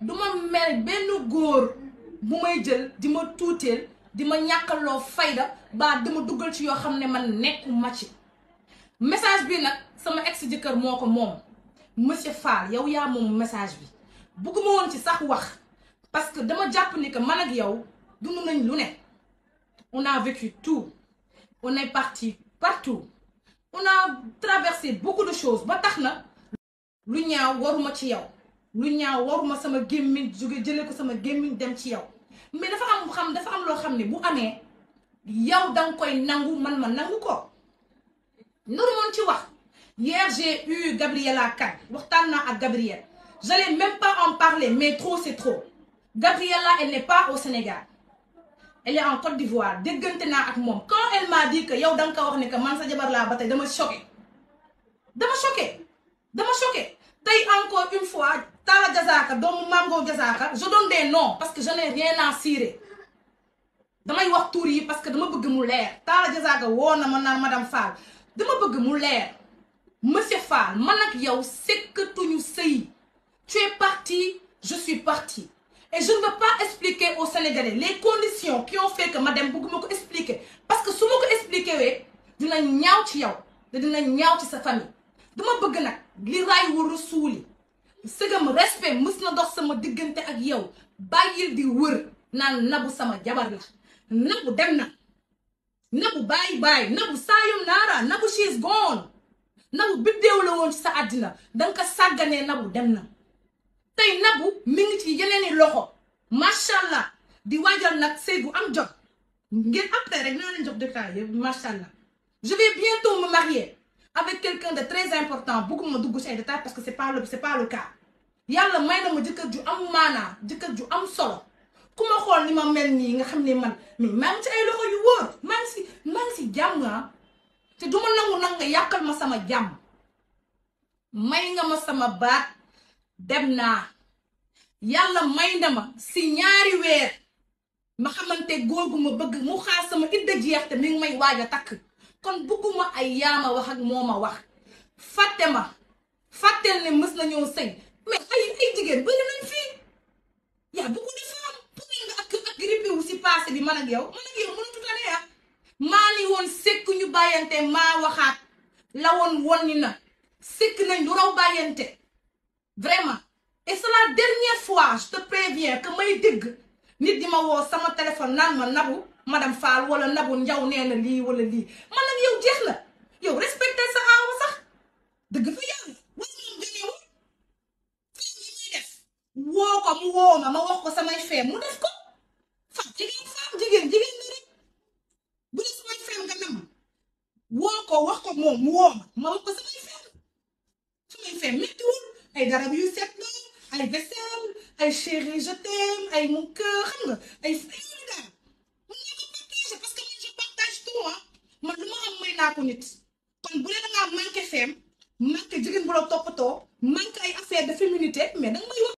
du ma mel benn góor bu may jël di ma tuuteel di ma ñàkkaloo fayda baa dama duggal ci yoo xam ne man nekk ma ci message bi nag sama ex jëkkër moo ko moom monsieur Fall yow yaa moom message bi bugguma woon ci sax wax parce que dama jàpp ni que man ak yow dund nañ lu ne on a vécu tout on est parti partout a traversé beaucoup de choses ba tax na lu ñaaw waruma ci yow lu ñaaw waruma sama gémmiñ jóge jëlee ko sama gémmiñ dem ci yow mais dafa am xam dafa am loo xam ne bu amee yow danga koy nangu man ma nangu ko noonu moon ci wax hier j'ai eu Gabriella Kane waxtaan naa ak Gabrielle j'allais même pas en parler mais trop c'est trop Gabriella elle n'est pas au Sénégal elle en Côte d'Ivoire déggante naa ak moom quand elle m'a dit que yow da ko wax ne que man sa jabar laa ba tey dama choqué dama choqué dama choqué tey encore une fois Moustapha Diazaka doomu Mame Gow Diazaka je donne des noms parce que je n'ai rien à cirer damay wax tuur yi parce que dama bëgg mu leer Talla Diazaka woo ma naan madame Fall dama bëgg mu leer monsieur Fall man ak yow sekkatuñu sëy tu es parti je suis parti et je ne veux pas expliquer aux Sénégalais les conditions qui ont fait que ma dem bëgguma ko expliquer parce que su ma ko expliquer wee dina ñaaw ci yow te dina ñaaw ci sa famille dama bëgg nag li raay waru suuli sëgam respect mës na dox sama diggante ak yow bàyyil di wër naan nabu sama jabar la nabu dem na nabu bàyyi bàyyi nabu saayum naara nabu she's gone nabu biddéew la woon sa àddina danga ko sàgganee nabu dem na tey nabu mi ngi ci yeneeni loxo macha allah di waajal nag sëy bu am jot ngeen après rek na leen jox détail yëpp macha allah je vais bientôt me marier avec quelqu'un de très important bugguma dugg ci ay détails parce que c'est pas le c'est pas le cas yàlla may na ma jëkkër ju am maanaa jëkkër ju am solo ku ma xool ni ma mel nii nga xam ne man mais maa ngi ay loxo yu wóor maa si maa ngi si jàmm ah te du ma nangu nag nga yàqal ma sama jàmm may nga ma sama baat dem naa yàlla may na ma si ñaari weer ma xamante góor gu ma bëgg mu xaar sama idda jeex te mi ngi may waaj a takk. kon bugguma ay yaama wax ak moo ma wax fàtte ma fàtteel ne mës na ñoo sëy mais ay ay jigéen bëri nañ fii yaa beaucoup de femmes pour nga ak ak si passé bi man ak yow man ak yow mënatu tane ah maa ni woon sekk ñu bàyyante maa waxaat la woon woon na sekk nañ lu raw bàyyante vraiment est c'est la dernière fois je te préviens que may dégg nit di ma woo sama téléphone naan ma nabu madame Fall wala Nabou Ndiaw nee lii wala lii maanaam yow jeex na yow respecté sa aaw sax dëgg fa yow wala moom gënewu fii li muy ko mu woo ma ma samay feem mu def ko wax ko moom mu ay darab yu set la ay vaisselle ay chérie je ay mon cœur xam nga ay man lu ma am may naa ko nit kon bu dee da ngaa manqué femme manqué jigéen bu la toppatoo manqué ay affaire de féminité mais danga may wax